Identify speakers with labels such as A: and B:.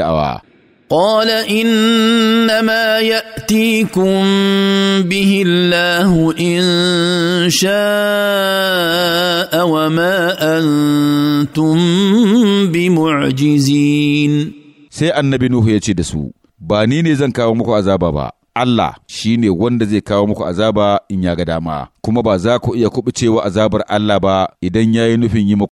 A: da'awa.
B: قال انما ياتيكم به الله ان شاء وما انتم بمعجزين
C: sai annabi nuhu ya ce da su ba ni ne zan kawo muku azaba ba Allah shi ne wanda zai kawo muku azaba in ya ga dama kuma ba za ku iya kubucewa azabar Allah ba idan
D: ya yi nufin yi